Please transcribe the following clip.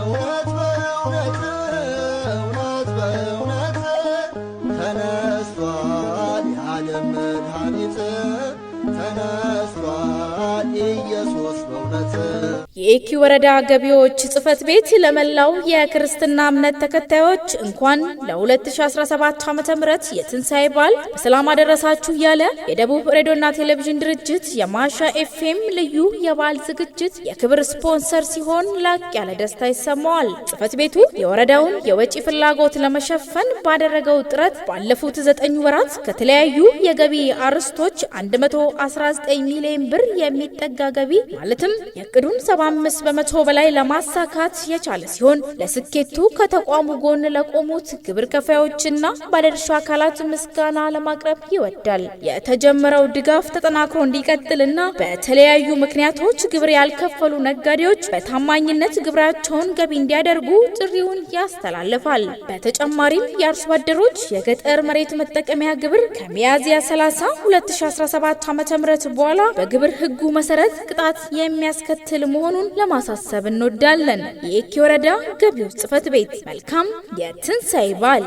እውነት በእውነት እውነት በእውነት ተነስቷል የዓለም መድኃኒት ኢየሱስ በእውነት የኢኪ ወረዳ ገቢዎች ጽፈት ቤት ለመላው የክርስትና እምነት ተከታዮች እንኳን ለ2017 ዓ ም የትንሣኤ በዓል በሰላም አደረሳችሁ እያለ የደቡብ ሬዲዮና ቴሌቪዥን ድርጅት የማሻ ኤፍኤም ልዩ የበዓል ዝግጅት የክብር ስፖንሰር ሲሆን ላቅ ያለ ደስታ ይሰማዋል። ጽሕፈት ቤቱ የወረዳውን የወጪ ፍላጎት ለመሸፈን ባደረገው ጥረት ባለፉት ዘጠኝ ወራት ከተለያዩ የገቢ አርስቶች 119 ሚሊዮን ብር የሚጠጋ ገቢ ማለትም የእቅዱን 75 በመቶ በላይ ለማሳካት የቻለ ሲሆን ለስኬቱ ከተቋሙ ጎን ለቆሙት ግብር ከፋዮችና ባለድርሻ አካላት ምስጋና ለማቅረብ ይወዳል። የተጀመረው ድጋፍ ተጠናክሮ እንዲቀጥልና በተለያዩ ምክንያቶች ግብር ያልከፈሉ ነጋዴዎች በታማኝነት ግብራቸውን ገቢ እንዲያደርጉ ጥሪውን ያስተላልፋል። በተጨማሪም የአርሶ አደሮች የገጠር መሬት መጠቀሚያ ግብር ከሚያዝያ 30 2017 ዓ.ም በኋላ በግብር ሕጉ መሰረት ቅጣት የሚያስከትል መሆኑን ለማሳሰብ እንወዳለን። የኤኪ ወረዳ ገቢዎች ጽሕፈት ቤት መልካም የትንሳኤ በዓል